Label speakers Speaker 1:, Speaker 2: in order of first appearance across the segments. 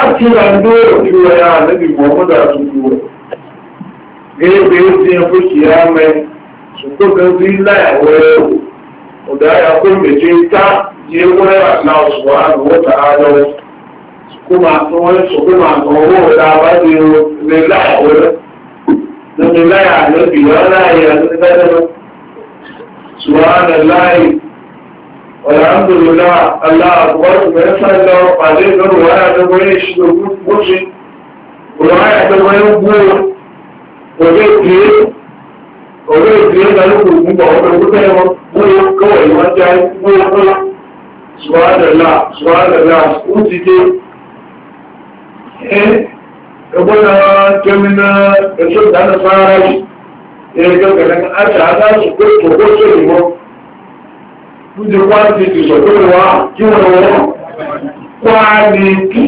Speaker 1: àti àndó òjúwẹ̀ yáà níbi mọ̀mọ́dà àtúntúwẹ̀ gẹ́gẹ́ tí ń fún kìí ámẹ́ ṣùgbọ́n bí láyàwó ẹ̀rọ ọ̀dáyà kó méje tá yé wẹ́rà náà ṣùgbọ́n àwọn ọ̀tà àlọ́ ṣùgbọ́n àwọn owó ọ̀dà àbájẹ́ ní láyàwó ẹ̀rọ lẹ́ni láyà níbi láyà níbi láyà ṣùgbọ́n láyà والحمد لله الله أكبر ويسأل الله قادر ولا تبعيش نبوت مرشي ولا يحتم يبور وبيت ليه وبيت ليه قالوا كنت أقول لك يا مرشي كوي ما جاي مرشي سبحان الله سبحان الله سبحان الله سبحان الله يقول كمنا كسب دانا صارج إيه، يقول كمنا أشعر سبحان الله oúnjẹ wá sí ìṣọ̀ tó wá kí wọ́n wọ́n kwáàdìkì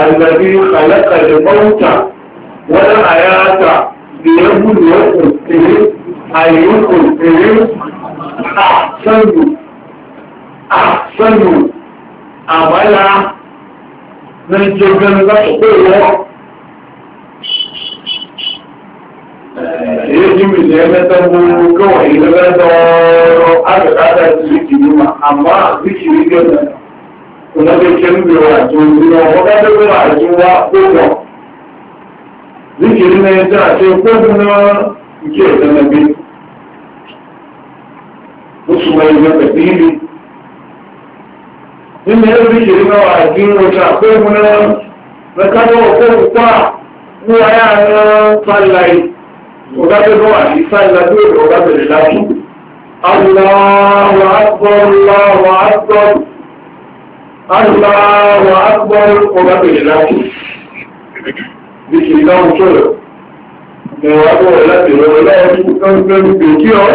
Speaker 1: alàbí àlẹ́kàlẹ̀ mọ́ta wọ́n àyáta ìyẹ́bùdó òkèrè àyẹ́ òkèrè àṣẹ́lù àṣẹ́lù àbálá nàìjíríà lọ́pọ̀ kowa. yajibi ne na tabo kawai na aka zikiri ma amma zikiri da wa waka da a zikiri ya ta ce na ke da na musu mai gaba dili inda ya zikiri na wa na na kada ọ̀gábẹ́gbọ́ àdífà ìlàjú èrò ọ̀gábẹ̀rẹ̀ láti aláwọ̀ àgbọ̀ ọ̀gábẹ̀rẹ̀ láti bíkì láwọn sọ̀rọ̀ mẹ́wàá bọ̀rẹ̀ láti rọ̀ láwọn tí ó ń gbẹ̀rù pé kí ọ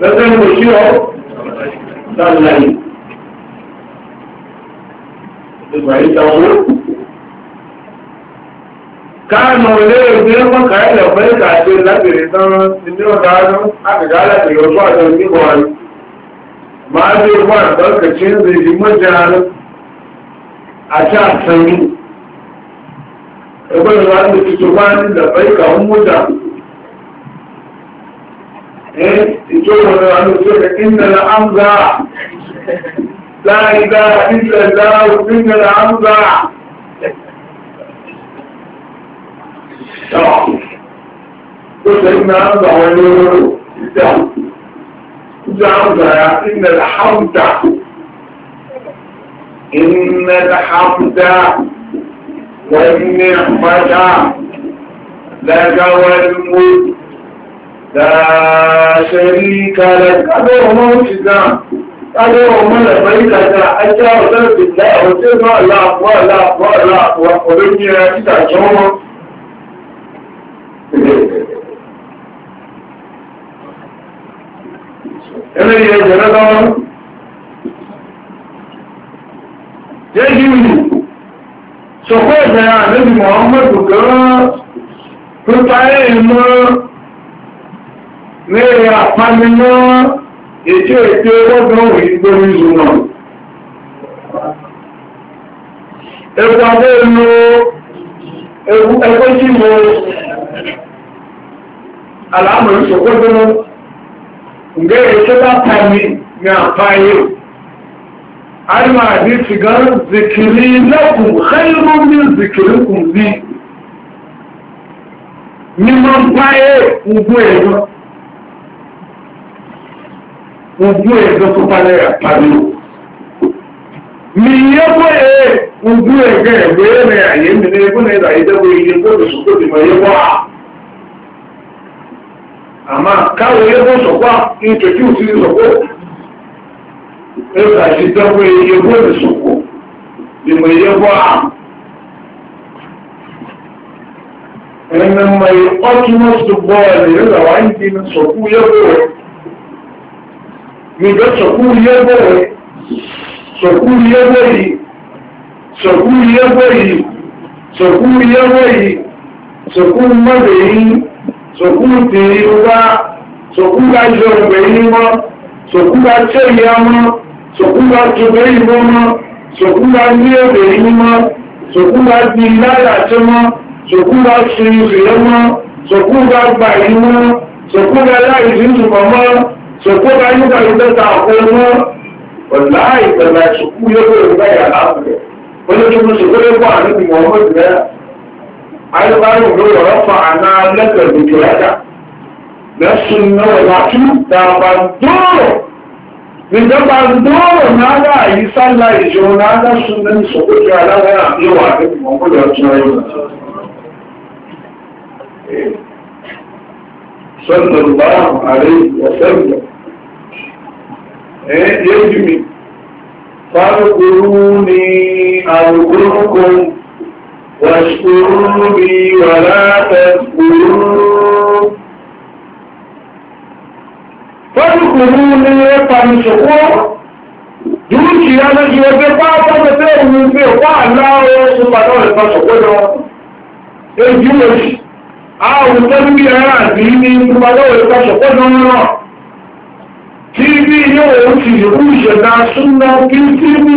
Speaker 1: lẹ́sẹ̀ ń pè kí ọ láàrín ìgbà káàmù olóògbé mọ́kà ilẹ̀ fẹ́ríkà àti lábìrì tán ní ọ̀dáadọ́ àgbègbè alábìrì ọgbọ́ àti onígbọ̀ rẹ̀ máa bí ọgbọ́ àtọ́kẹ̀kí ń rí ìmọ́jà àti àtẹ̀yìn ẹgbẹ́ ìwádìí tuntun wá ní ilẹ̀ fẹ́ríkà ń mọ́jà ìjọ wọn na na وسيدنا عبد عوانيه دعوة إن الحمد إن الحمد والنعمة لك والملك لا شريك لك أدعو موجزا أدعو من البيتة أجعل ذلك الله وسيدنا الله أكبر الله أكبر الله أكبر ورمي إذا جمعه eléyìí ẹ̀jẹ̀ lọ́dọ́ jẹ́jú ṣọ̀pọ̀ ẹ̀jẹ̀ àdébì mọ̀ọ́mọ́dù gan-an tó táyé mọ́ ní àpánimọ́ ètò ètò ọgbọ́n ìgbórí ìzùmọ̀ ẹgbẹ́ ẹgbẹ́ ìlú ẹgbẹ́ ìlú al'amarin su gudunmu ga yake ba ta ne na fayo har ma bi su gan zikiri lakum khairun min zikirikum zi neman faye ugbo ego ugbo ego tó palẹ̀ àpàdé mi yẹ kó e ugbo ego ẹgbẹ́ àyè mi ní ẹgbẹ́ rẹ̀ àyè dẹ́gbẹ́ iye gbọ́dọ̀ sọ́kọ́ ìmọ̀ yẹ wá àmá káwọn ilébó sọ̀pá ní tẹ̀kí ò sí sọ̀pọ̀ ẹgbà sí tẹ́kọ̀ ilébó ìsọ̀pọ̀ ìmọ̀ ilébó à ẹ̀mẹ̀ mọ̀ ọtúnmọ̀ sọ̀pọ̀ ẹ̀lẹ̀ ìrọ̀wà ń di sọ̀pọ̀ ilébó rẹ̀ nígbà sọ̀pọ̀ ilébó rẹ̀ sọ̀pọ̀ ilébó yìí sọ̀pọ̀ ilébó yìí sọ̀pọ̀ ilébó yìí sọ̀pọ̀ mọ́lẹ̀ yìí sòkú ti rí wá sòkú bá jọ ìgbẹ̀ yìí mọ́ sòkú bá tẹ́ ìyá mọ́ sòkú bá jọgbẹ́ ìbò mọ́ sòkú bá ní èdè yìí mọ́ sòkú bá di láyà tẹ́ mọ́ sòkú bá ṣe ìrìnlẹ̀ mọ́ sòkú bá gbà yìí mọ́ sòkú bá láì sí ìtùkọ̀ mọ́ sòkú bá nígbà ìtẹ́ta àpò mọ́ alùpàdé ló yọ̀rọ̀ fún àná lẹ́gbẹ̀rún kìlájà lẹ́sùn náà látú dàgbà dóòrò ìjọba dóòrò náà yí sálà ìjọ náà lẹ́sùn náà sọ̀kòkè aláwẹ̀ àbíwà àbẹ̀kùn ọkùnrin ọ̀tún ayé sọ́dọ̀ lọ́wọ́ àrẹ ìwọ̀sẹ́gbẹ̀ ẹ̀ẹ́ yéjì mi fárúkúrú ni àrùkúrúkún واشكروا لي ولا تذكروا فاذكروني فامسكوا dúkìá lójú ẹgbẹ́ pápápọ̀ tẹ́ òun gbé wà láàárọ̀ ṣùgbọ́n rẹ̀ bá ṣọ̀pọ̀ lọ ojú òjì àwọn tó ní ẹ̀rọ àbí ní ṣùgbọ́n rẹ̀ bá náà tí bí yóò ti rú ìṣẹ̀dá súnmọ́ kí tí bí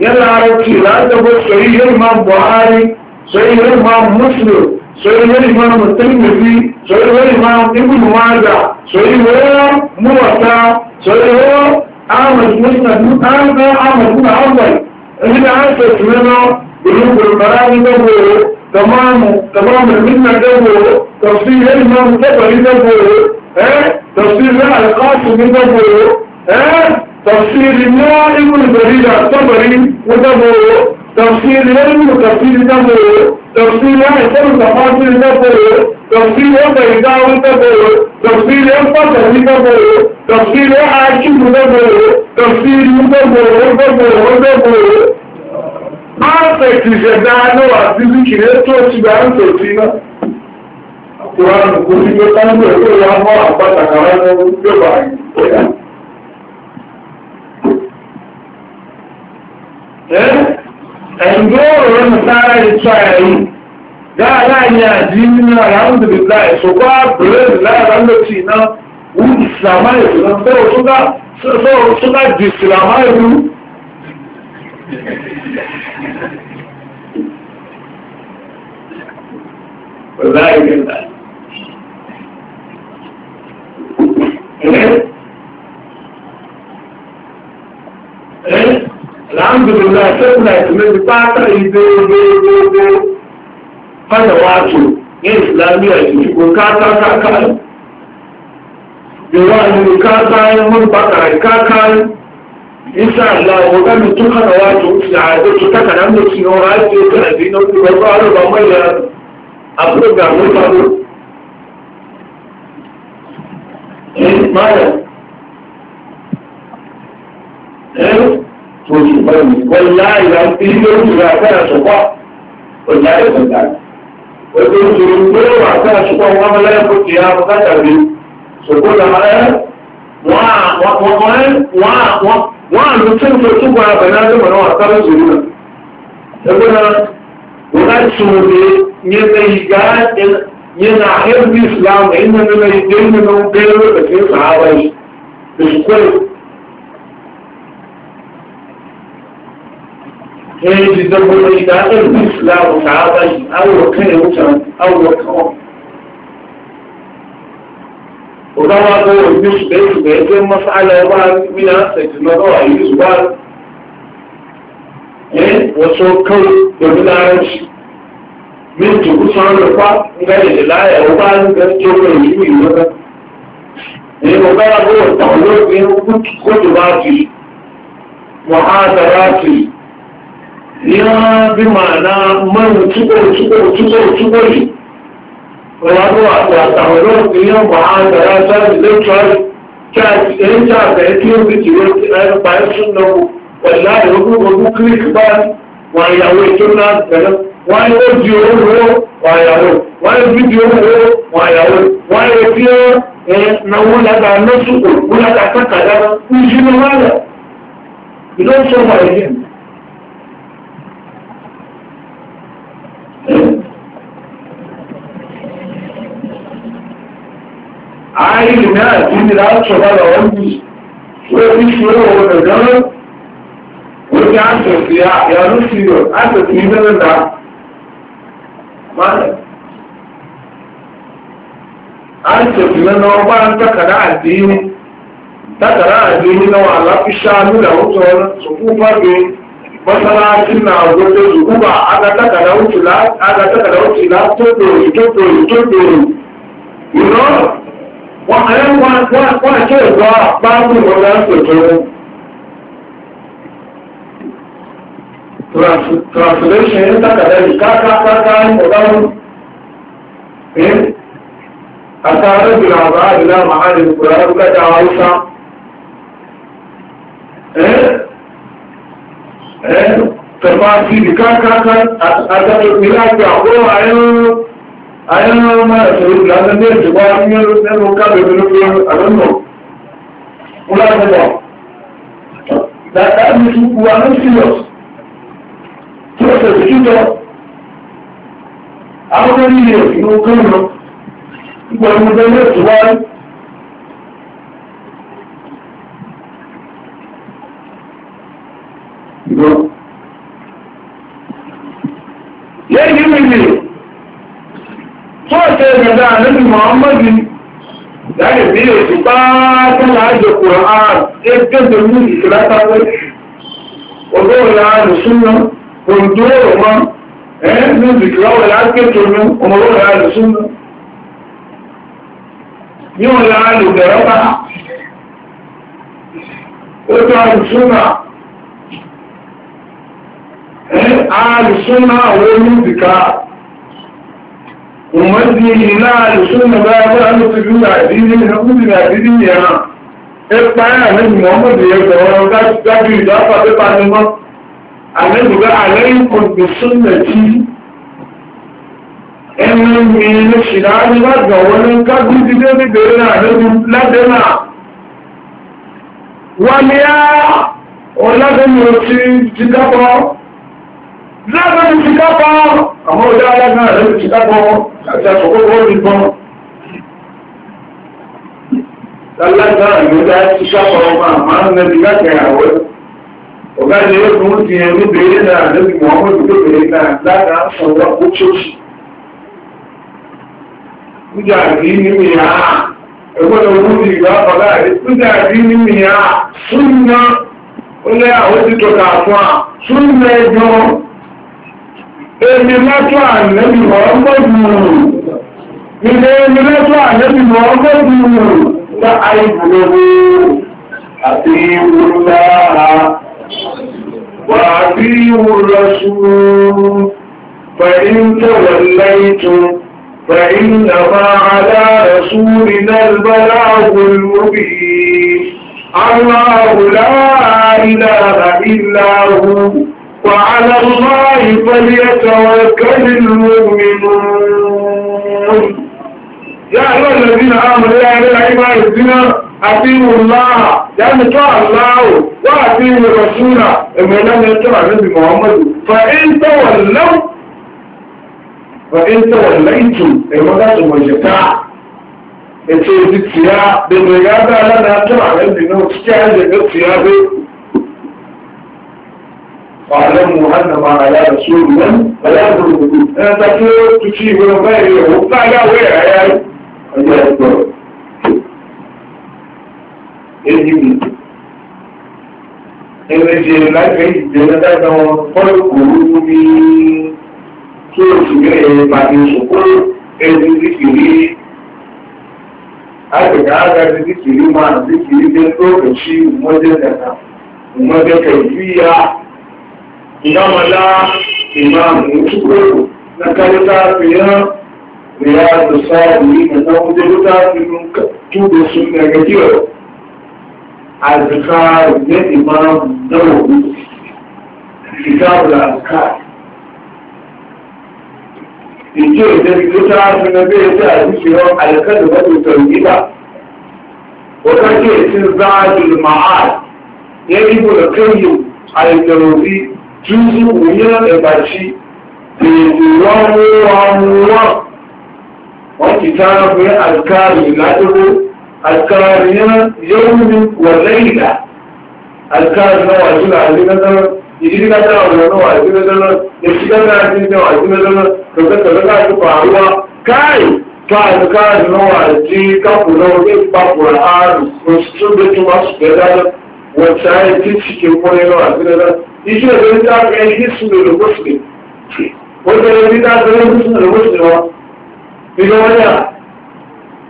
Speaker 1: يلا عرفتي لا تبقى صحيح الإمام بخاري صحيح الإمام مسلم صحيح الإمام الترمذي صحيح الإمام ابن ماجه صحيح الإمام موسى صحيح أحمد بن أحمد بن أحمد بن أحمد إذا عرفت سمعنا بلوك القرآن دوره تمام تمام المنة دوره تفسير الإمام الطبري دوره إيه تفسير القاسم دوره إيه tafsiri na ibn jarida tabari wata boro tafsiri na ibn tafsiri ta boro tafsiri na ibn tafasiri ta boro tafsiri na baidawa ta boro tafsiri na fasari ta boro tafsiri na hakimu ta boro tafsiri ta boro ta boro ta boro a tsakishe dano a fiziki ne to ci da an sauti na kuranin kuri ẹ̀yìn tó rọrọ ní sára ìtọ́ ẹ̀yìn gáàlá ní àjí nínú àlàmùdìbìlá ìṣòkọ́ àbúrẹ́lì láàrá lọ́tì iná wú ìsìlámá ìlú náà sọ́ọ̀túnká jù ìsìlámá ìlú láàbùdùlá ṣẹ́kùnlá ìtùmẹ́bí pátá ìgbéogbéogbé fàyàwátò ní ìsìlámí àìsìkò kákákákáì yọ̀wọ́ àìsìkò kákáì mú bàkàrà kákáì ìsàlá ọ̀gámi tó kànàwátò ti àìsìkò tó kàkàrà ń lè fi hàn áìsìkò ìtàlẹ̀bí náà kí wọ́n bá rọ̀ ọmọ ìyá àbúrò gbàgbó pàdó Eh? mọ́ni wọ́láì la ń fi lórí ìwé àkàrà ṣùpọ̀ wọ́láì ọ̀gá ojú ìṣòro lórí ìwé ya wọ́n àlù tó ń tó túbọ̀ abẹ̀lẹ́ àdúgbò náà àkàrà ṣùpọ̀ náà ẹgbẹ́ da eh da kuma idan an islamu ta bai awo kai wuta awo kawo ọ̀gá wa tó wọ̀ ní ṣùgbẹ́ ṣùgbẹ́ jẹ́ mọ́sálà ọba nígbìnà ṣẹ̀tì lọ́dọ̀ wà yìí ṣùgbà ẹ̀ wọ́n tó kán pẹ̀lú láàrín ṣì mí jùkú sọ́n lọ pa nígbà èdè láyà ọba kó tó bá ti mọ̀ á dára ti ya bi ma'ana man tuko tuko tuko tuko ne wani wata tsawarar miliyan ma'adara ta electoral charge ɗin charge ya fiye da jiwon tsanar bayan sun na ku wanda da wasu wasu klik ba wani yawon tuna ganin wani audio wo wani yawon wani video wo wani fáìlì náà tí ní láṣọ̀bára ọ́nbì ó ti ṣe òwò dọ̀dọ́rọ́ ó ti àṣọ̀sí àyàrú sí rọ̀ àṣọ̀sí ìbẹ̀rẹ̀dà àṣọ̀sí lẹ́nà ọba ń tàkàrà àdínní tàkàrà àdínní náà àláfíṣà nílà òtò ọ̀rọ̀ sọ̀kú fàgbé masalasi na gbogbo zukuba aga takara wuce la aga takara wuce la to do to do to do wọ́n àṣẹ ìgbà pàápù ìwọ̀nà ìpẹ̀tẹ̀wò translation ní takàdá ìkákàkàkà ìpọ̀dáwò ní àtàrí ìgbìyàn àbá àdìlá màárì ìpòrò àrúgbàjá àwárúsá tẹ̀fà sí ìkákàkà àtàrí ìpìlá àgbà ó àyẹ́rùn àyẹ̀wò máa ṣòro ìlànà ní ìjọba ní ẹnu kábẹ̀ẹ́ lórí àlọ́nà wúlágbọ̀n dàdá ní ṣùkú wa ní sílọ̀s tí ó ṣe ìṣújọ àwọn ilé ìlú gómìnà ìgbà ìmúdé ní ìtùwárí lẹ́yìn ìrìnlẹ̀ gada annabi muhammadu ya yi biyo su ba tana ajiye ƙura'an ya gada mun isra ta wai ọdọ́ ọ̀la àlùsúnà òǹdó ọ̀mọ́ ẹ̀ẹ́ ní ìdìkìlá ọ̀la akẹ́tọ̀ọ́nù ọmọ ọ̀la àlùsúnà ní ọ̀la àlùbẹ̀rọ̀bà ọjọ́ àlùsúnà ẹ̀ẹ́ àlùsúnà àwọn olùdìkà umarni iná ìṣúná bá bá lóṣojú àdíní ìṣàkúnṣe àdíní yẹn hàn ipa àlejò mọ́mọ́dé yẹn sọ̀rọ̀ dájú ìdáfà pípa ni mọ́ àlejò bá àlejò kò gbé súnmọ̀ tí ẹni mi ló ṣìlá ní lágbà wọn ní kájú ti dé ní bèrè náà àlejò ládé náà wọ́n ní láàrín ọmọ ìṣìkápá àwọn ọjọ́ alágbà rẹ̀ ìṣìkápá àti àṣọ̀kọ́kọ́ nìkan lálágbà ìgbẹ́gbẹ́ ìṣìkápá ọmọ àmàrùn nẹ́bí láti àwẹ́ ọ̀gá ni ó fún ti ẹni bèèrè náà ó àwọn ti fún à, ẹjọ́ èmi lọ́tọ́ àlẹ́bì mọ́ọ́gọ́dù ilé èmi lọ́tọ́ àlẹ́bì mọ́ọ́gọ́dù lọ àìbòrò àti ìwòrò wà bí ìwòrò ṣúrù fẹ̀yìn tẹ̀wẹ̀ lẹ́yìn فإنما على رسولنا البلاغ المبين الله لا إله إلا هو وعلى الله فليتوكل المؤمنون يا أيها الذين آمنوا يا أهل العباد الذين أطيعوا الله لأن طاع الله وأطيعوا الرسول إمنا من يتبع النبي محمد فإن تولوا فإن توليتم إما لا تمجتا إتي بتسيا بالرجال لا نطع النبي نوتسيا لبتسيا بيه فاعلموا أن ما على رسول الله فلا تنبقوا أنا تقول تشيه وغيره وقال وين عيال الله أكبر يجب Eréje láti ìjẹ́ dáadáa wọn fọ́lùkù lórí bí kí o sì gbé ẹ̀yẹ pàdé ṣòkó ẹni dìkìrí àgbẹ̀dá àgbẹ̀dá dìkìrí máa dìkìrí dé tó kẹ̀ sí ìmọ́jẹ́ dàdà ìmọ́jẹ́ kẹ̀ yíya gamala imamu tukuru na karita fiya riyadu sa'adu da na wuce wuta filin tuba sun daga kiyo a zika na imamu na wuce kitabu da azka ike da wuta su na bai ta a cikin alkadu da tutar gida wata ke cin zaɗin ma'ad ya yi da kayyau a yanzu túnzú òyìnbó ẹ̀bàjì èdè wọn wọn wọn wọn ti tara fún alkari ládúró ta yóò ní wọ̀lẹ́yìnlá alkari náà wà jùlọ àdínlẹ́dọ́rọ́ ìdílé kájá ọ̀rọ̀ náà wà àdínlẹ́dọ́rọ́ èsì kájá àdínlẹ́ wà àdínlẹ́dọ́rọ́ tọ̀tọ̀tọ̀ ta pàrọ̀ káì káàdì káàdì náà wà àdí kápù náà ní papọ̀ àrùn oṣù tó gbé tó wá sùpẹ́ dáná wọ̀tí ayé tí ìṣìkè fún ẹ náà àdínlẹ́dọ́rọ́ iṣẹ́ ìròyìn tí a fẹ́ ẹni ní sùn lòlò gbóṣùlè ó jẹ́ ẹni tí a fẹ́ ẹni sùn lòlò gbóṣùlè wọn ìjọ wọn yà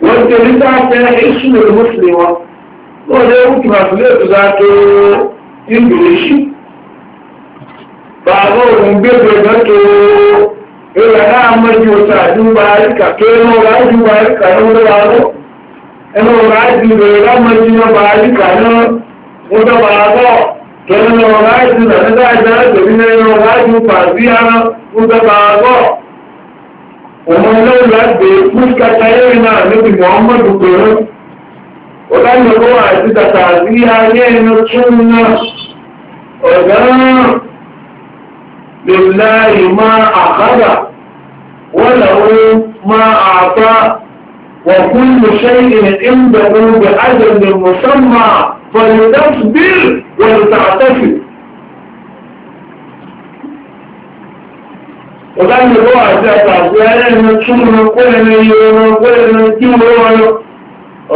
Speaker 1: wọ́n jẹ́ ẹni tí a fẹ́ ẹni sùn lòlò gbóṣùlè wọn wọ́n jẹ́ òkú màtúlẹ̀ tó dáa tó ìgbìlẹ̀ṣì bàbá òun gbégbé náà tó náà mọ́jú ọ̀sà àdúgbà àríkà tó kẹ́lẹ́ lọ láìsí ìrẹ̀lẹ́dá ìdájọ́ nílé lọ láìsí pàdé ara púpẹ́ta àgọ́ ọmọ ilẹ̀ láti púpẹ́ta yẹ́rin náà níbi mọ́mọ́dù pẹ̀lú ọ̀dánilọ́wọ́ àti tàtà sí ayé ẹnu tún náà ọ̀gá lè láì máa àkádà wọ́n làwọn máa àpá wọ̀kún mọ̀ṣẹ́ ìrìn ìgbẹ̀rún bẹ̀ ájẹ̀ lè mọ̀ṣọ́ máa فلتصبر ولتعتفر ọ̀gáyìn lọ́wọ́ àti àtàkù ẹlẹ́nu túnmù kọ́lẹ̀mù yọrọ kọ́lẹ̀mù tí ó wọ́n lọ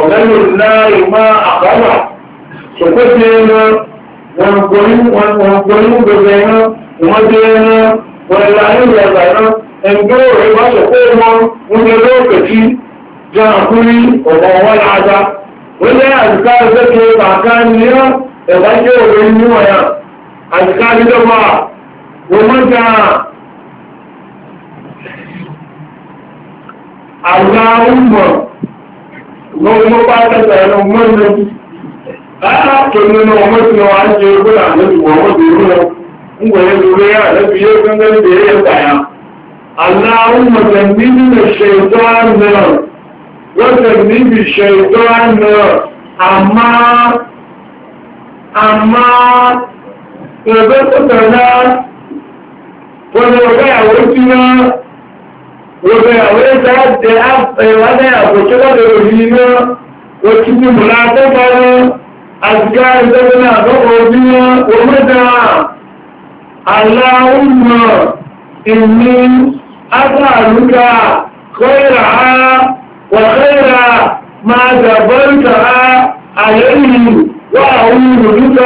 Speaker 1: ọ̀gáyìn náà ìmá àbáwà ṣòkó tí ó lọ wọn gbọ́yún gbogbo ẹ̀nà wọ́n tí ó lọ wọn láàrín ìyàgbà náà ẹgbẹ́ òrẹ́ bá ṣòkó wọn ń lọ lọ́ọ̀kẹ̀ tí jẹ́ àkúrí ọ̀gbọ̀n wọn láadáa wanda ya azkar da ke tsakaniyar da bakin wajen yiwa ya azkar da ba wannan ta Allahumma mo mo ba ta tsaya mun ne a ke ne no mo ne wa ke kula ne ko mo ne ne ngwe ne ya da biye kan da ya tsaya Allahumma jannibna shaytan min wọ́tẹ̀ níbi ìṣẹ̀tọ́ àná àmá àmá ẹgbẹ́ pọ̀tàná wọ́n ọ̀gá ìyàwó tí wọ́n wọ́n ìyàwó ẹ̀dá jẹ́ ẹ̀wádẹ́ àpòtẹ́lọ́dẹ̀ òní iná wọ́n ti ní mọ̀lá akẹ́kọ̀ọ́ àtìká ìjọba àkọ́kọ̀ òbí وخير ما جبرتها عليه وأعوذ بك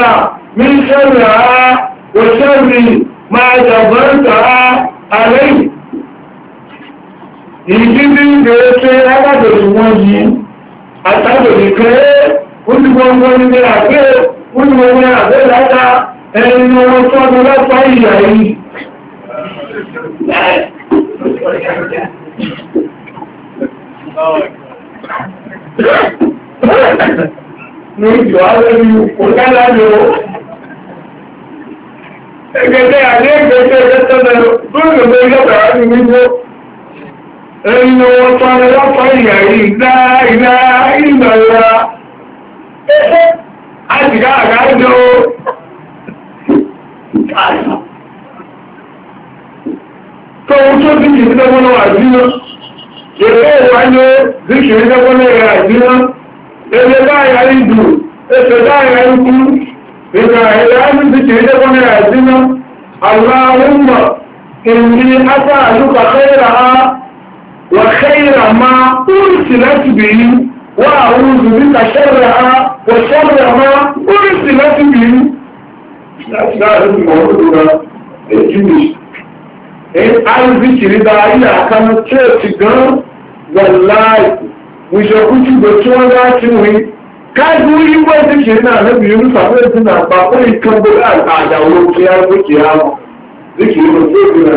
Speaker 1: من شرها وشر ما جبرتها عليه ìdíbí ìgbèrèké alábòsí wọ́n yìí àtàbòsí pé olùgbọ́ngbọ́n nílé àgbẹ́ olùgbọ́ngbọ́n àgbẹ́ látà ẹni ọmọ tó ọdún lápá ìyà yìí ní ìjọ alẹ́bí òkálá ẹgbẹ̀gbẹ̀ àti ẹgbẹ̀gbẹ̀ ẹgbẹ̀tẹ̀lẹ̀ lóògbẹ̀gbẹ̀ ìjọba ní wíwó ẹ̀yìn wọn tọrọ lọ́pọ̀ ìyà ìdá ìdá ìgbàlá àjìká tó tó ti jìdí lọ́wọ́ ṣèkó wà ní bíṣì ìjọpọ̀lẹ̀ rẹ̀ àjíná ẹgbẹ́ láàrin àríjù ẹsẹ̀ láàrin àríkú ìgbà ẹ̀yà ní bíṣì ìjọpọ̀lẹ̀ rẹ̀ àjíná aláhùnmọ̀ ìní apá àlúkà kẹ́rà á wà kẹ́rà má oríṣì láti bìí wà àwọn òṣìṣẹ́ kẹ́rà á wà kẹ́rà má oríṣì láti bìí láti láàrin ìmọ̀ òṣìṣẹ́ Eh, arzikiri da iya kan ceci gan wallahi wuce kuci da tuwon zaci wi kagu yi wa zikiri na na biyu nusa ko yanzu na ba ko yi kan bude al'ada wani kiyar ko kiyama zikiri ba zai bi na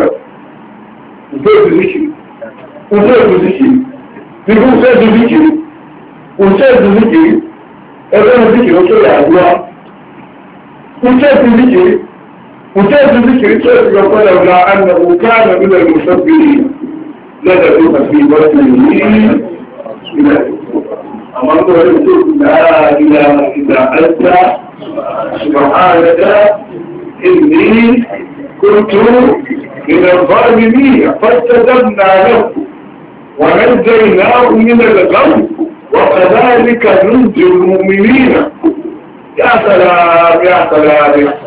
Speaker 1: zai bi zikiri zai bi zikiri bibu zai bi zikiri zai bi zikiri ẹgbẹ́ zikiri ó tó yà á wá zai bi zikiri وكيف ذكر كيف يقول مع أنه كان من المسبحين لدى في بطنه أمرت أن لا إله إلا أنت سبحانك إني كنت من الظالمين فاستدمنا له ونجيناه من الغم وكذلك ننجي المؤمنين يا سلام يا سلام يا سلام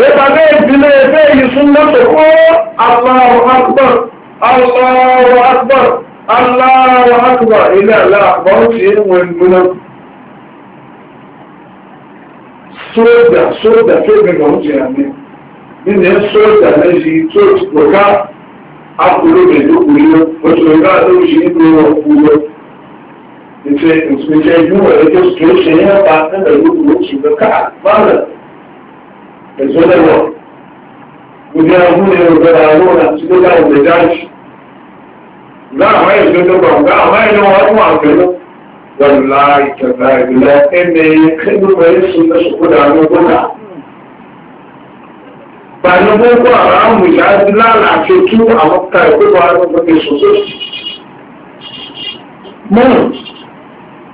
Speaker 1: ìpàdé ìdílé ẹgbẹ́ ìsúnmọ́tò kó Allahu Akbar Allahu Akbar Allahu Akbar ilé aláàbọ̀ tí wọ́n múná sódà sódà tó gbẹ̀gbẹ̀ ń jẹ àmì nínú sódà lẹ́yìn tó ti pọ̀ká akùnrin ètò kùnrin oṣù ìgbà tó ṣe nígbà ọkùnrin ìfẹ́ ìsìnkẹ́ ìlú ẹ̀ẹ́dẹ́gbẹ̀ẹ́ tó ṣe ń yára nígbà èso lẹ́wọ̀ gbogbo ọdún ni ọgbẹ̀rẹ̀ alóòrà tí ó dáwọn lè dájú láàmà èso lẹ́wọ̀ láàmà èso wọn wà pẹ̀lú wàlúlá ìjọba ìbílẹ̀ ẹni ẹgbẹ̀rẹ̀ èso lẹ́sọ̀kúdà lọ́gbọ̀dà pẹ̀lú gbogbo àwọn amòyá ti láàrín àti tú àwọn ká ìgbébọ̀ alóòrà èso mọ́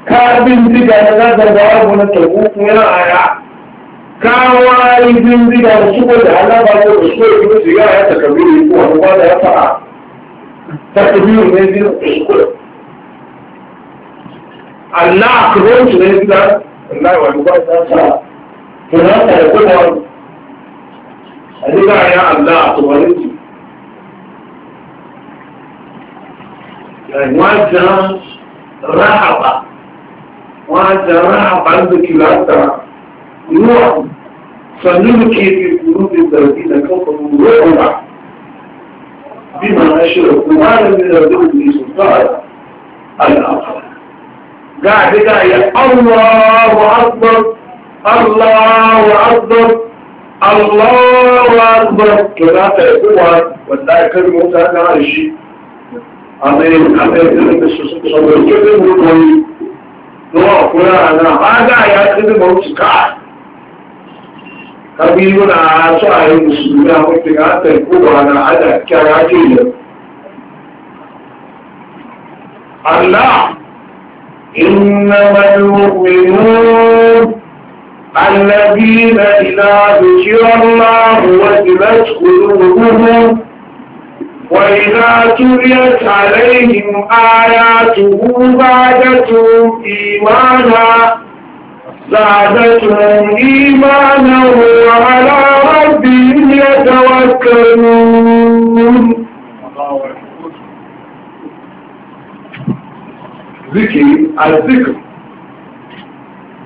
Speaker 1: káàbí ń dígbà ẹgbẹ̀rẹ̀ fún ẹ̀rọ kawa ibin da su da halaba ko su da su ya ya takabiru ko wani wanda ya fara takabiru ne biyu Allah akbar ne biyu Allah wani ba ta sa kuma ta da kuma adiga ya Allah akbar ne wajen rahaba wajen rahaba da kilasta نوح فنلقي في قلوب الذين كفروا الرعب بما أشركوا ما لم يردوا به سلطان الآخر قاعد يا الله أكبر الله أكبر الله أكبر كما تقوى والله كلمة هذا الشيء أمين أمين صلى الله عليه وسلم هذا يا كلمة kabiluna a tsaye musulmi a mafi gatar kowa na ada إنما المؤمنون الذين إذا ذكر الله وجلت قلوبهم وإذا تليت عليهم آياته بعدتهم إيمانا زادتهم إيمانا وعلى ربهم يتوكلون ذكر الذكر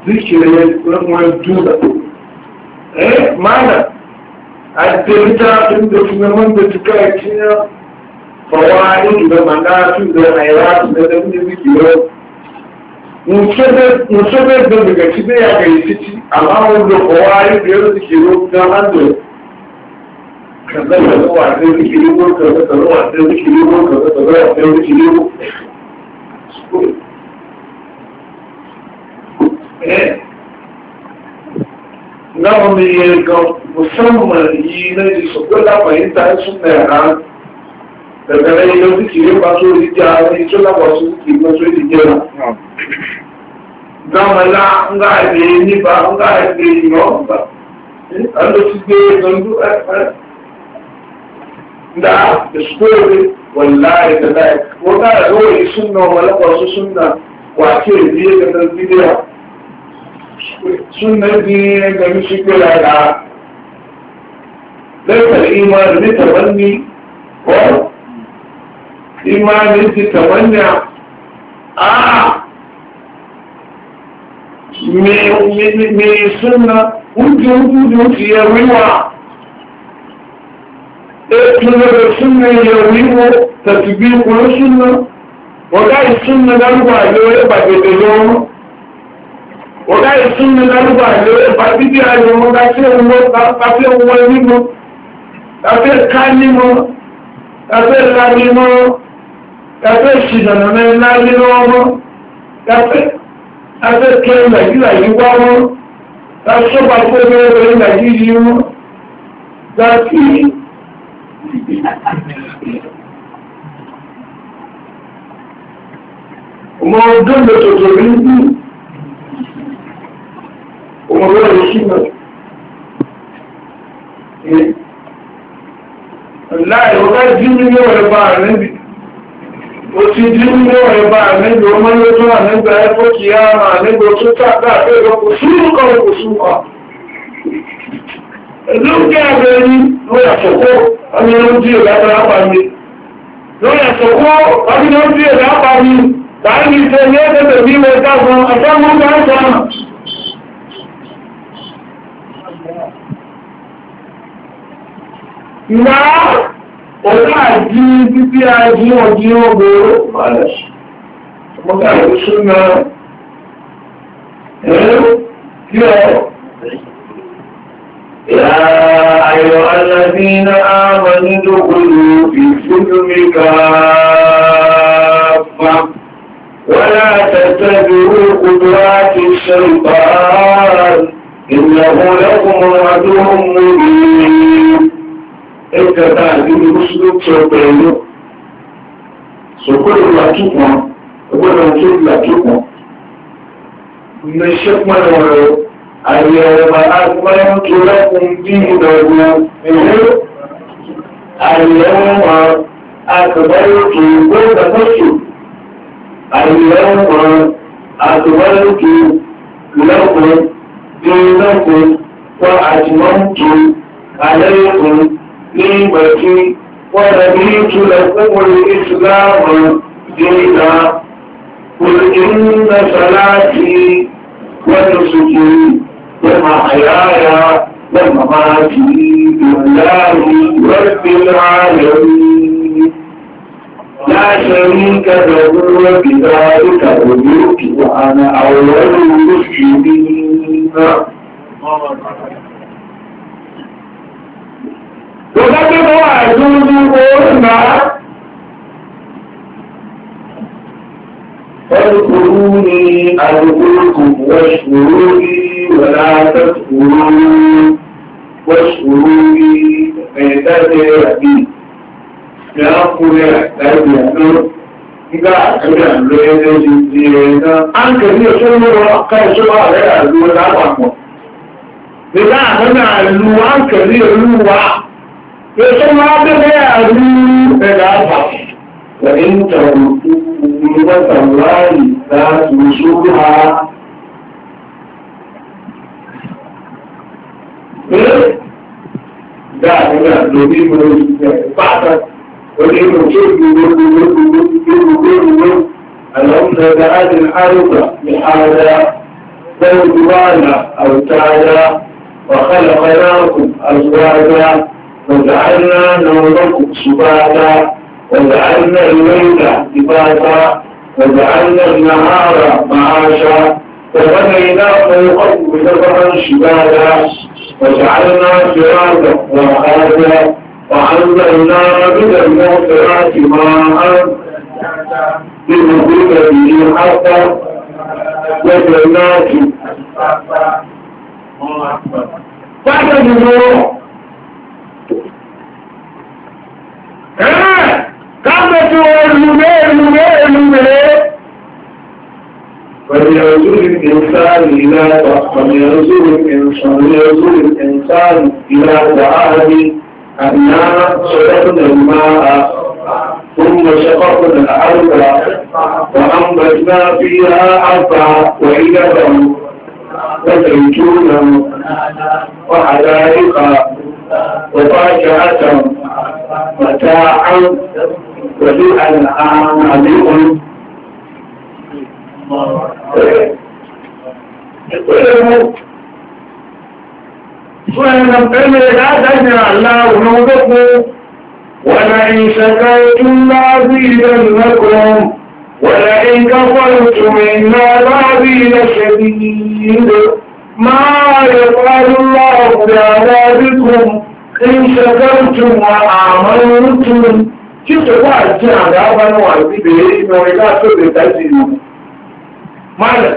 Speaker 1: ذكر يتوكل eh mana addinta tun da tunanin da suka yi cinya fawani da manatu da hairatu da musamman da daga cikin ya gari ciki amma wanda kowa ya biyar zikiru na hannu kaza kaza wa quero zikiru ko kaza kaza wa sai zikiru ko kaza kaza wa sai zikiru na wani yankan musamman yi na não fahimta sun na yana daga lẹ́yìn ló sì kìí pa sórí ìjà ní sọ́lọ́pọ̀ sí ìgbọ́ sórí ìjẹ́ náà. Gbàmọ̀lá ń gá ìgbé nípa ń gá ìgbé ìmọ̀ ọ̀gbà. A ló ti gbé lọ́dú ẹ̀fẹ́. Ndá ìsúkúrò wọ̀n láì tẹ̀lá ẹ̀. Wọ́n ká ẹ̀rọ yìí súnà ọmọlẹ́pọ̀ sí súnà wà kí èdè ẹgbẹ̀rún fídíà. Súnà bí ẹgbẹ̀rún sí pé láyà. Lẹ́tọ̀ ìmọ̀ ẹ̀rọ imanin su tawanya a mai suna hujjujujju ya wiwa ɗaya e, da suna ya wiwo ta tubi kuma suna wọ́gáyì súnmọ́ lárúgbà lórí ìbàdèdè lọ́wọ́ wọ́gáyì súnmọ́ lárúgbà lórí ìbàdídí àyọ̀mọ́ káfẹ́ wọ́n nímọ́ káfẹ́ ká nímọ́ káfẹ́ lá nímọ́ ẹgbẹ́ ìṣìdànà mẹ́rin láyé lọ́wọ́ mọ́ ẹgbẹ́ kẹrin nàìjíríà yìí wá mọ́ lọ́sọ́gbà tó mẹ́rin nàìjíríà mọ́ gbàtí ọmọ ọdún lọ́tọ̀tọ̀ rí bí ọmọ ọlọ́rọ̀ ìṣìnà láì ọ̀gá jí nínú ẹ̀bá rẹ̀ níbi òtí dínú ẹ̀bá àmẹ́gbẹ̀ ọmọlójú àmẹ́gbẹ̀ ẹ̀kọ́ kí á ma àmẹ́gbẹ̀ tó tàbí àpẹ́gbẹ̀ kò súnmọ́ kò súnmọ́ lókè abẹ́rí lórí àtọ̀kọ́ ọmọlójú ìlàbẹ̀ àpàmì lórí àtọ̀kọ́ ọmọlójú ìlàbẹ̀ àpàmì láàrín ìfẹ́ ní ẹgbẹ̀rẹ̀ bí wọ́n dágbọn àtọ́mọ́gbà ń sọ náà òun àjí pípí ají ọjí ọgbòrò mọ́lẹ̀ṣì mọ́gbà ìrúsúnmọ́ ẹ̀rọ kí ọ̀rọ̀ يا أيها الذين آمنوا ادخلوا في السلم كافة ولا تتبعوا قدرات الشيطان إنه لكم عدو مبين ẹgbẹ̀ta àgbẹ̀rẹ̀ mùsùlùmí tí ó pẹ̀lú sọ̀kọ́ ìlú àtúkùn ọgbọ́dọ̀ tó ìlú àtúkùn ní ṣẹ́pọ̀n ọ̀rọ̀ àyẹ̀wò agbáyọ̀ tó lẹ́kùn bí ìdọ̀gbọ̀ ìlú àyẹ̀wò àgbáyọ̀ tó gbọ́dọ̀ mọ́sù àyẹ̀wò àgbáyọ̀ tó lẹ́kùn bí ìdọ̀gbọ̀ wọ́n àjùmọ̀ tó àyẹ̀wò min baki wanda biyu tuna kogon islamun dina kulkin na salati wanda suke da mahayaya da mamaki lallari rabbin ra'ayoyi na shirika da ruwa bida duka da yuki wa ana auren muslimin tó dájú tó wà lójú oòrùnà فاذكروني أذكركم واشكروا لي ولا تذكروني واشكروا لي من تدعي بي يا أخويا تدعي nígbà àkẹ́bí àlọ́ ẹgbẹ́ ti di ẹ̀ẹ́dá. a ń kẹ̀lé ìṣòro ọ̀ká ìṣòro àrẹ́ àlú lápapọ̀. nígbà àkẹ́bí àlú a ń kẹ̀lé olúwa يسمى بها أدوم بلافة وإن تردوا الله إيه؟ لا تنسوها da ina domin mun fata wani mun ce mun اللهم اجعل الارض محالا وجوانا اوتادا وخلقناكم ازواجا وجعلنا نومكم سباتا وجعلنا الليل احتفاظا وجعلنا النهار معاشا وبنيناه فوقكم سبعا شبابا وجعلنا سراجا وحاجا وأنزلنا من المغفرات ماء لنذيب به حقا وجنات بعد النور káàkiri ẹlùmẹ́ ẹlùmẹ́ ẹlùmẹ́ pẹ̀lú ọjọ́ ìpínsáàlì ìlàgbà pẹ̀lú ọjọ́ ìpínsáàlì ìlàgbà ààrin àdínà ṣọ́lọ́pùnà máa ثم شققنا الأرض وأنبتنا فيها أرضا وعنبا وزيتونا وحدائق وفاكهة متاعا وللأنعام عليهم وإن ولئن شكرتم لعزيزنكم ولئن كفرتم إن العزيز شديد ما يفعل الله بعذابكم إن شكرتم وآمنتم tí ó wà tí àdá bá ní wà sí bèèrè inú ilá tó lè dájì ìlú mọ́lẹ̀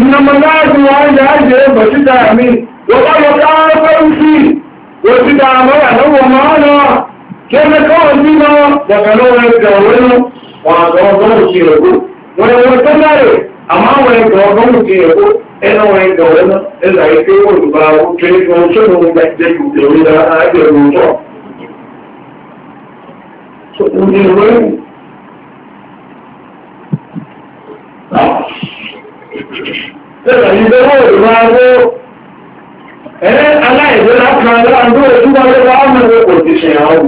Speaker 1: ìnàmà láti wọ́n yà á jẹ́ mi lọ́pọ̀lọ́ káàkọ́ sí bọ̀síta mọ́lá lọ́wọ́ mọ́lá kẹ́mẹ́kọ́ sí náà bọ̀kànlọ́wọ́ ẹgbẹ̀rún wọn àtọ́wọ́ amma wani ga wani mutum ya ko ɗana wani ga wani ɗana ya ke wani ba ko ke ga wasu ne da ke da wani da a ake roto
Speaker 2: so in ji wani
Speaker 1: ɗana yi da wani ba ko ẹ̀rẹ́ aláìsẹ́ láti máa dára ń dúró tí wọ́n lọ́wọ́ àwọn ọmọ ẹ̀kọ́ ti ṣe àwọn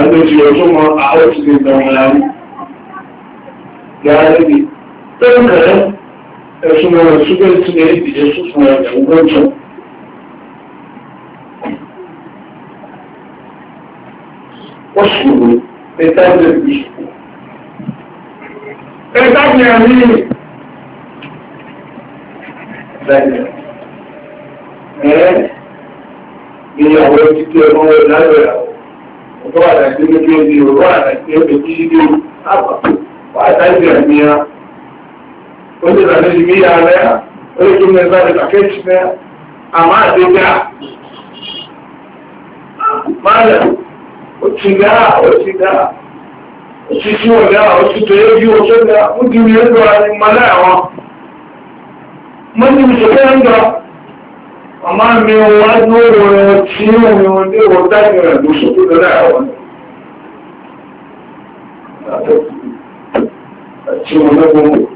Speaker 1: ẹgbẹ́ tí ó tún mọ àwọn òṣìṣẹ́ ìdánwò láàrín yára lẹ́bi ɗan karen ƙarshen wani su gari su gari bije su suna da hukuncin wasu ne ɗai ta da bishi ɗai ta ne a ne ɗai ni àwọn títí ọmọ rẹ̀ lábẹ́ ọ̀tọ́ àdàgbé ní bí ẹbí ọ̀rọ̀ àdàgbé ẹgbẹ̀ tí ṣígbé àpapọ̀ àtàgbé àmì wanda zane jimiya daya wanda jimna za da package daya amma a sai ga malam wacce ga wacce ga wacce ciwo ga wacce to ya biyu wacce ga mutum ya zuwa ne malayawa mutum shi kan ga amma me wa noro ciwo ne wanda ya wata ne da su da ra'awa ciwo na gobe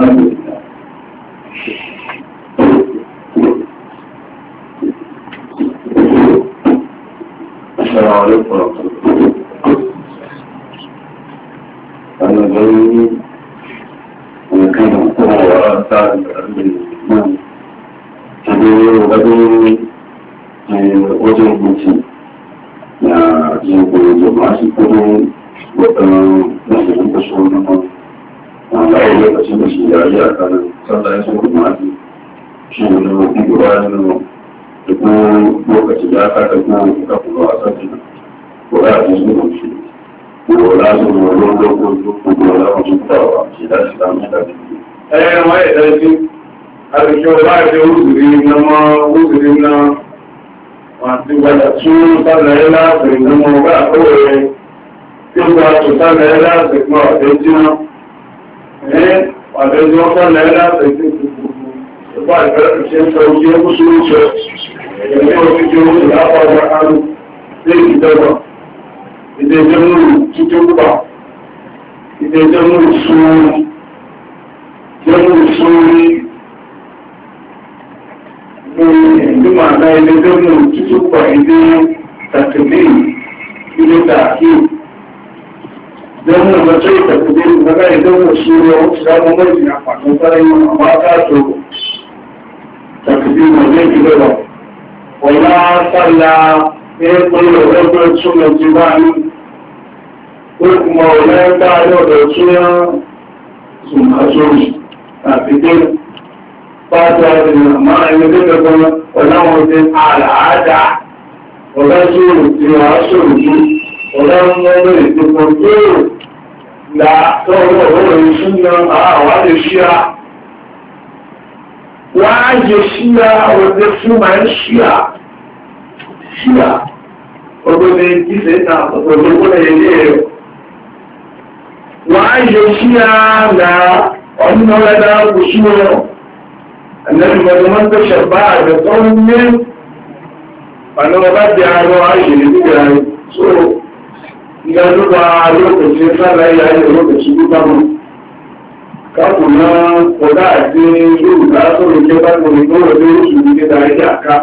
Speaker 1: السلام عليكم أنا جاي وكان مقوم وراء سعد الأرض الإمام كبير وبدو وجه المسيح يا جنب الجمعة الكبير وكان نحن نتشعر wanda a lokacin da shi yayi a kan sallah ya so kuma ake shi ne na biyu bayan da ko lokacin ya ka da ko ka kuma a sassi ko ya ji su ne shi ko la su ne wani lokacin ko ko la su ne ba shi da shi da mu da shi eh mai da shi har shi ba da uzuri ní àbẹ̀dì ọkọ̀ náírà pẹ̀lú ìgbà ìfẹ́rẹ̀ ṣe ń sọ ojú ẹkùsù oúnjẹ ẹ̀mí ojú tí ó ń lápá ọjà kánú sí ìdẹ́gbà ìdẹ́jẹ́ múlù títí ó pa ìdẹ́jẹ́ múlù súnmú jẹ́ múlù súnmú ní ìgbìmọ̀ àná ìdẹ́jẹ́ múlù títí ó pa ìdẹ́ tàtẹ̀lé ìdẹ́ tàkíyè don mu ga sai ta kuje mu ga idan mu shi ne wasu da mu mai na fatan sarai mu amma ta to ta kuje mu ne ki ga wala salla sai ko da wannan sunan jibani ko kuma wala ta da da sunan sun haso shi a fitin fata da amma an da kuma wannan wajen al'ada wala su ne ọ̀lọ́rọ̀ ìpòpò yóò gbà tọ́wọ́ ọ̀rọ̀ ìṣúná àwọn àdè ṣíra wọ́n á ṣíra ọ̀dẹ fún máa ń ṣíra ṣíra ọgbọ́dẹ ìṣẹ́ ìta ọ̀pọ̀lọpọ̀ ọgbọ́dẹ ilé rẹ̀ wọ́n ṣíra na garuwa lokacin sarraya da lokaci duka mu kakuna koda a ce yin da su rike ba ku ne dole zai su rike da yake aka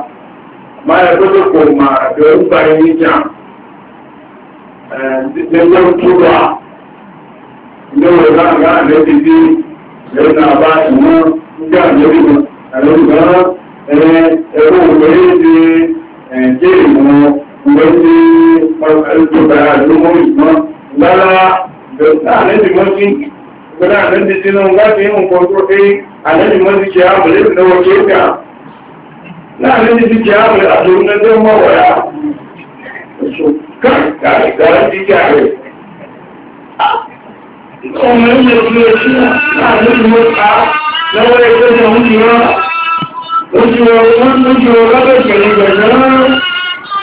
Speaker 1: ma ya kusa koma da yin bayan yi jan da yan tuba da wani za a ga a da fiye da yana ba shi mu ga a da fiye a lokacin da ya kuma yi da ke mu wani farko da al'ummar ma lala da tsanin limanci kuna nan da jinan za ta yi mankwanto ɗai a nan limanci ke hamu da da wake ka na nan da jike hamu da al'ummar na zan mawaya kan kare kare jike hamu ọmọdé ṣe fi ẹ̀ṣí láàrin ìmọ̀ ta lọ́wọ́ ẹgbẹ́ ìjọ ń jìyàn lójú ọ̀rọ̀ lọ́gbẹ̀ẹ́ pẹ̀lú ìgbẹ̀rẹ̀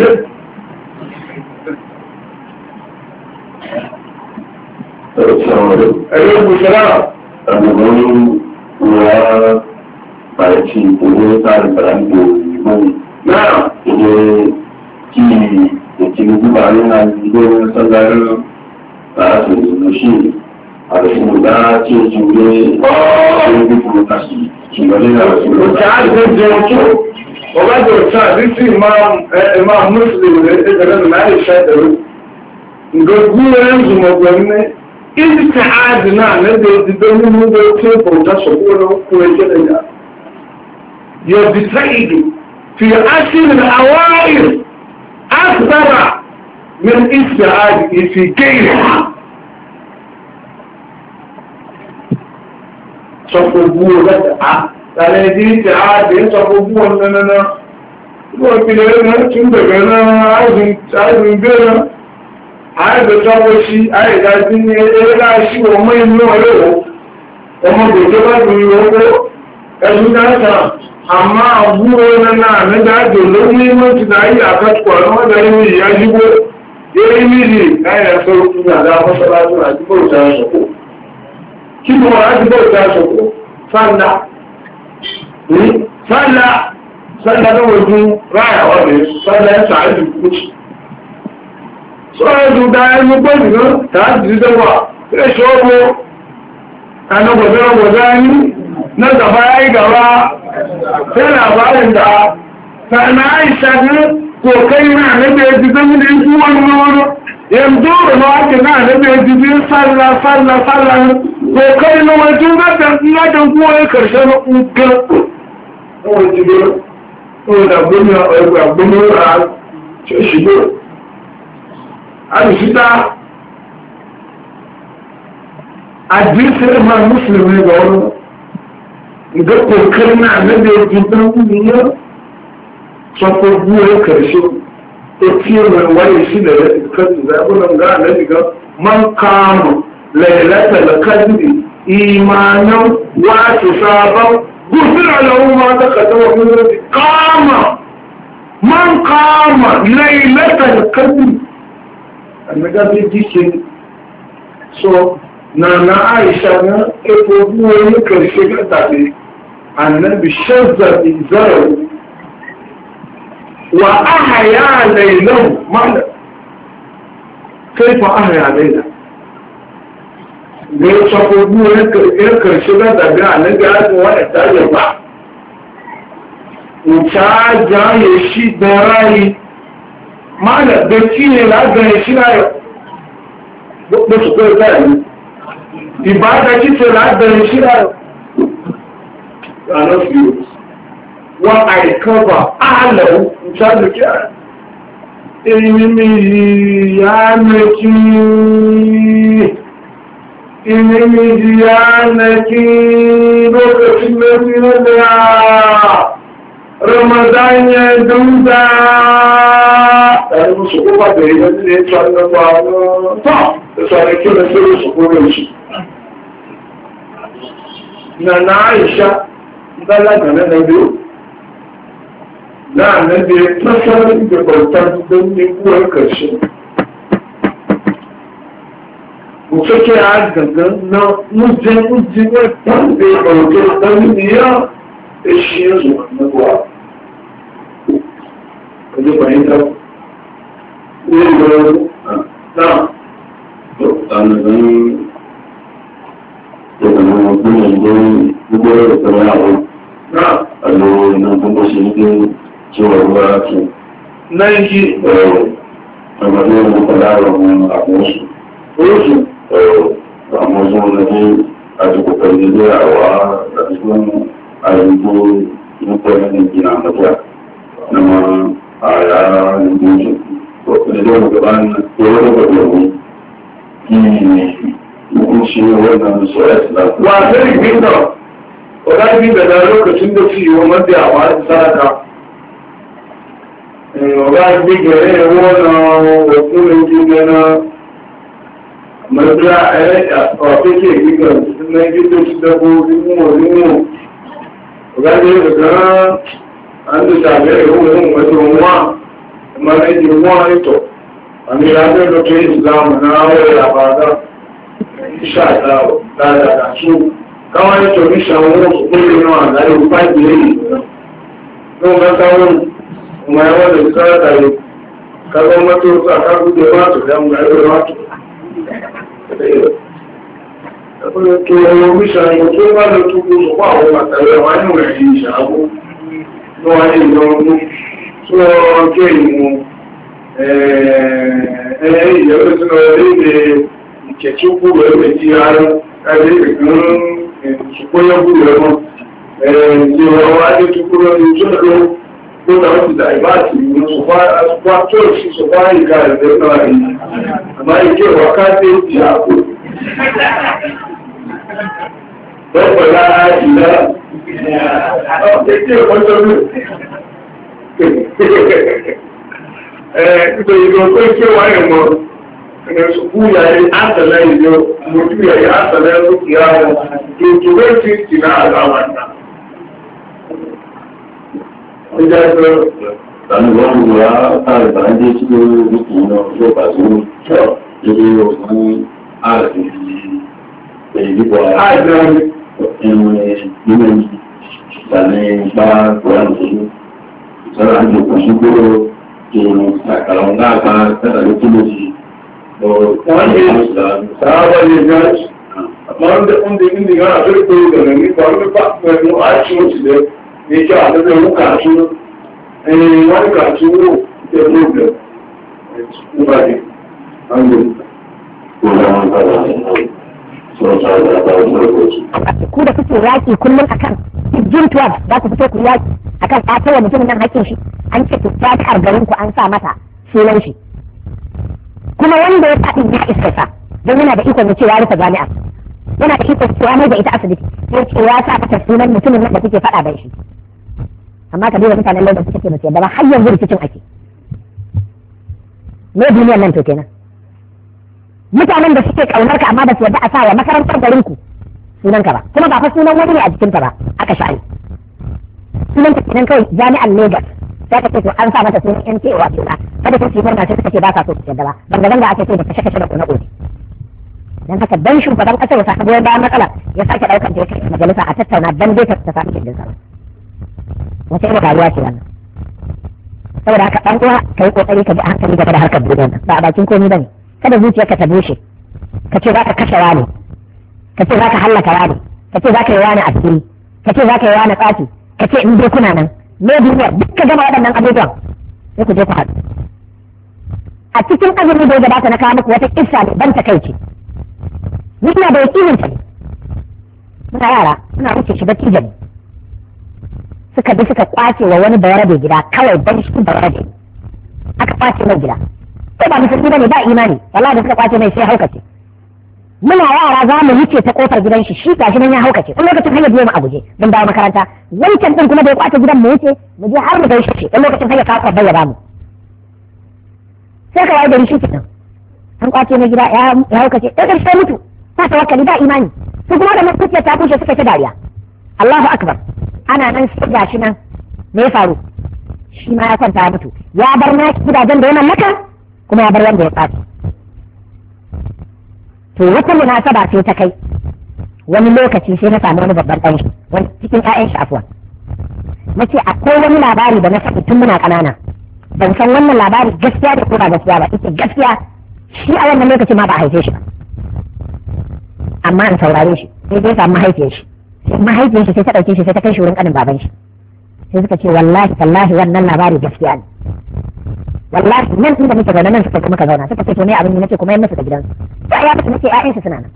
Speaker 1: ẹ̀yọ́ ìgbòsẹ̀lá àgbẹ̀mọ́rún wà pàrẹ̀kì ìpòwò sáàrì pàdánù ìgbòmí náà ìdẹ̀ kí ìkìlú púpà ní àgbẹ̀gbẹ̀ sọ́gbàrún láti ìlúṣì àbẹ̀sìmọ̀dá tí ó ti wé ọ̀rọ̀ ìgbòmí ọ̀gájọ̀ ìtàdí tí imam muslim rẹ̀ ẹgbẹ̀rẹ̀ nà àìṣà ẹ̀rọ gbogbo ẹ̀zùmọ̀gbọ̀n ní ìdíkà ààdì náà lẹ́gbẹ̀ẹ́ ìdíbẹ̀ nínú ilé tí ó bọ̀ ọ̀dá sọ̀gbọ́n kú ẹjẹ́ lẹ́yà yóò di tẹ́ìdì fi aṣírí àwáyé àtàrà ní ìsì ààdì ìfì géèrè sọ̀gbọ̀n gbúrò lẹ́gbẹ̀ẹ́ tàbí tí tí a dé sọpọ̀ bú ọ̀nà nánà wọ́n fi lè rẹ̀ tún bẹ̀rẹ̀ náà àìsùn bẹ́ẹ̀rẹ̀ àìsùn sọpọ̀ sí àìsà sí ní ẹgbẹ́ sí ọmọ inú ọlọ́wọ́ ọmọ gbèjọ bá ti rí owó ẹ̀sùn dáta àmá àbúrò nánà nígbà àjò lórí inú ti náà yí àkẹ́kọ̀ọ́ àwọn inú ìyá yéé nílì sallah hmm? sallah tó wojú ráyà ọ̀rẹ́ sallah ẹ̀ sàájú kú sọ́ọ̀dù da ẹnu pẹ̀lú náà tààdì dídọ́wà lè ṣọ́ọ̀bù ẹnubọ̀dọ́rọ̀bọ̀dọ́ ẹni náà tàbá ìgbàwá tẹ́lẹ̀ àbárẹ̀dà tààmà ìṣàkí kò kẹ́yìn náà níbi ẹjú tó ní ikú wọn lọ́wọ́rọ́ yẹn tó rọ̀ lọ́wọ́ kì náà níbi ẹjú tó sálà sálà sálà kò kẹ́yìn náà wọ́n tó ń wọn ti gbé wọn dà gbóni ẹgbẹ́ àgbóni ra ṣèṣì gbó àdìsíta àdìsí ẹ̀ma mùsùlùmí lọ́wọ́ nga kokari na anabi gidan wuya sako buwa karshe tafiye mai waye shi da kan zabunan ga anabi ga man kama lailata da kadiri imanin wasu sabon وفعل له ما تقدم من قام من قام ليلة القدر أنا في الجسم سو نانا عائشة افوض مويك الشيء تعطي عن نبي شزة وأحيا ليلة ما كيف أحيا ليلة da ya shafo ya karshe na zaga a nan gari wani tsaye ba wuta ja ya shi da rayu ma da dace ne lagare shi na yau da su kawai tsaye ibada ci ce lagare shi na yau i love you wọn àìkọ́bà ààlẹ̀ ìjọ́lùkí èyí mímí yìí yáà mẹ́kí إليه يا نكيب رحمة رمضان يا دودا أنا سقوط بعيدا اللي يتعلم بعضه طب صار كذا في سقوط نانا عائشة بلد أنا نبيو لا نبي تصل بقوة تنبني قوة كرشن O que, é águia? Não, não digo, digo é também, porque eu também peixinho na boa. Cadê para entrar? Lembrando. Não. Estamos é Tentando compreender é, é o governo também. Não. Aí não estou conseguindo tirar o aqui. Nem que. Eu trabalhei no trabalho com a Hoje? àwọn ọjọ́ ní àdúgbò pẹ̀lú ilé àwá àdúgbò àdúgbò nípa ní ìjìnà àmọ́jà nínú ààrẹ ara nínú ìjọ ìdílé ìjọba ní owó lọ́gbọ̀dọ̀ wí kí ìlú ṣe owó ìlànà sọ ẹ̀ sílá. wà á sẹ́yìn àti sáradà ọ̀gá gbígbẹ̀rẹ̀ ìwọ̀n náà òkú lè gbígbẹ̀ náà mọ̀lẹ́dúrà ẹlẹ́ta ọ̀kẹ́kẹ́ gbígbọ̀n tuntun mẹ́jọ tó ti dọ́gbó wíwọ̀n wíwọ̀n ọ̀gájẹ́ ìgbẹ̀rán àndùsàgbẹ́ ìwọ̀n ìwọ̀n tó ń wá mọ̀lẹ́dì wọ́n ètò àmì ìlàjẹ́ lọ́tọ́ ìsìlámù náà wọ́n àbáadá ìṣàdá dáadáa tó káwọn ètò níṣàwọn òṣùpọ̀lẹ̀ náà àdáyé pàdé èyí náà mẹ́tàwọn ọmọ ẹwọ́n lè sọ́ọ̀tà yìí kágbọ́n mọ́tò sàkágùdé wàtò dáhùn ẹ̀rọ wàtò Ọ̀pọ̀lọpọ̀ ẹ̀rọ wíṣà ẹ̀yọ tó wá lọ tó kó sọpá àwọn àtàrẹ wá ní òrẹ̀ sí ìṣàwó tó wá ìlọ ọdún tó ọjọ́ ìmú ẹ̀ẹ́ ìyẹ̀wó tó lọ léde ìkẹ̀tíókù ẹ̀rẹ̀ tí ẹ̀ẹ́ ko da wasu da ibati ne su kwa coci su kwa yi ka da zai tsawa ne amma yi ke wa ka ce ji a ko don ba za a yi na a ke kwanto ne eh to yi don kai kewa yin mu ne su kuya yi asala yi yau mutu ya yi asala ya na alamanta Tàbí wọ́n mú wá ààrẹ bàájé tí ó rí kìí lọ yóò bá tó ṣọ́ ilé ọ̀gbọ́n ààrẹ ìdíbò ààrẹ ìwọ̀n ìgbìmọ̀ ìtàlẹ̀ ìgbà kòrán tó sọ́rọ̀ àjò kò sí gbóró ìrìn àkàrà ọ̀gá àgbà tẹ́tàlẹ́ tó lè ṣe. Wọ́n ní sáábà lè gbà máa ń dẹ́kun dé nígbà àfẹ́kọ̀ọ́ ìgbàlẹ̀ nípa ọlọ́pàá pẹ̀lú àìsàn òṣìṣẹ́. ìjọ àtẹ́fẹ́ mú kàtú ẹni wọ́n kàtú wò tẹ́ mú bẹ̀ nígbàdí àgbò
Speaker 2: ku da kuke yaƙi kullum kan jin tuwar za ku fito ku yaki akan fatan wa mutumin nan haƙƙin shi an ce ku ta garin ku an sa mata sunan shi kuma wanda ya faɗi ya sa don yana da ikon da cewa rufe jami'a yana da ikon cewa mai da ita asibiti ya ce ya sa mata sunan mutumin nan da kuke faɗa da shi amma ka duba mutanen Lagos suka ce ba su yadda ba har yanzu rikicin ake me duniyar nan to kenan mutanen da suke kaunar ka amma ba su yadda a sawa makarantar garin ku sunan ka ba kuma ba fa sunan wani ne a jikinta ba aka sha'ani sunan ka kenan kawai jami'an Lagos sai ka ce to an sa mata sunan MTA wa ba kada ku ci murna sai suka ce ba sa so ku yadda ba banga banga ake so da kashe kashe da kuna kodi dan haka dan shugaban kasar ya ka goyon bayan matsala ya sake daukar da ya kai majalisa a tattauna dan dai ta sami kindin sa wata irin rayuwa ce wannan saboda haka ɗan uwa ka yi ƙoƙari ka a hankali gaba da harkar duniyar nan ba a bakin komai bane kada zuciyarka ta bushe ka ce za ka kashe wani ka ce za ka hallaka wani ka ce za ka yi wani asiri ka ce za ka yi wani tsafi ka ce in kuna nan ne duniyar duk ka gama waɗannan abubuwan sai ku je ku haɗu a cikin azumi da ya gabata na kawo muku wata kissa ne ban ta ni muna da yakinin ta muna yara muna wuce shi bacci jami suka bi suka kwace wa wani bayarabe gida kawai dan shi bayarabe aka kwace mai gida ko ba musulmi bane ba imani wallahi da suka kwace mai sai haukace muna yara za mu wuce ta kofar gidan shi shi gashi nan ya haukace in lokacin hanyar biyo mu a guje mun dawo makaranta wancan din kuma bai kwace gidan mu wuce mu je har mu gaishe shi in lokacin ka kafa bayyana mu sai ka wayi da shi kenan an kwace mai gida ya haukace sai karshe mutu ta tawakkali ba imani su kuma da mutunci ta kushe suka ta dariya Allahu akbar ana nan ga shi nan me ya faru shi ma ya kwanta mutu ya bar na gidajen da ya mallaka kuma ya bar wanda ya tsaci to wata munasaba sai ta kai wani lokaci sai na samu wani babban ɗan wani cikin ƴaƴan shi ce nace akwai wani labari da na saki tun muna ƙanana ban san wannan labari gaskiya da ko ba gaskiya ba ita gaskiya shi a wannan lokaci ma ba a haife shi ba amma an saurare shi sai dai samu mahaifiyar shi mahaifiyar shi sai ta dauke shi sai ta kai shi wurin kanin baban shi sai suka ce wallahi tallahi wannan labari gaskiya ne wallahi nan inda muke zaune nan suka kuma ka zauna suka ce to me abin nake kuma yan musu da gidansu sai ya musu nake ƴaƴan su suna nan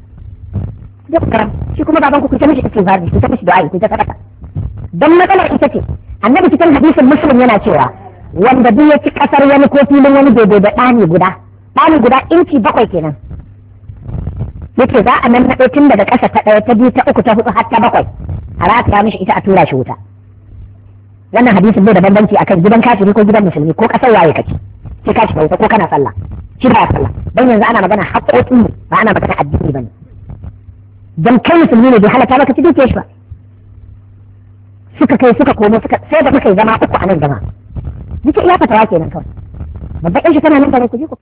Speaker 2: duk karam shi kuma baban ku kuke mishi istighfar ku ta mishi du'a ku ta sadaka dan matsalar ita ce annabi cikin hadisin muslim yana cewa wanda duk ya ci kasar wani ko filin wani daidai da ɗani guda ɗani guda inci bakwai kenan yake za a nan naɗo tun daga ƙasa ta ɗaya ta biyu ta uku ta hudu har ta bakwai a rataya mishi ita a tura shi wuta wannan hadisi bai da bambanci akan gidan kafiri ko gidan musulmi ko ƙasar waye kake sai ka shiga wuta ko kana sallah shi ba sallah dan yanzu ana magana haƙoƙin ne ba ana magana addini bane dan kai musulmi ne bai halaka maka cikin shi ba suka kai suka komo suka sai da kai zama uku a nan zama duka iya fatawa kenan kawai babban ƴan shi tana nan ba ku ji ku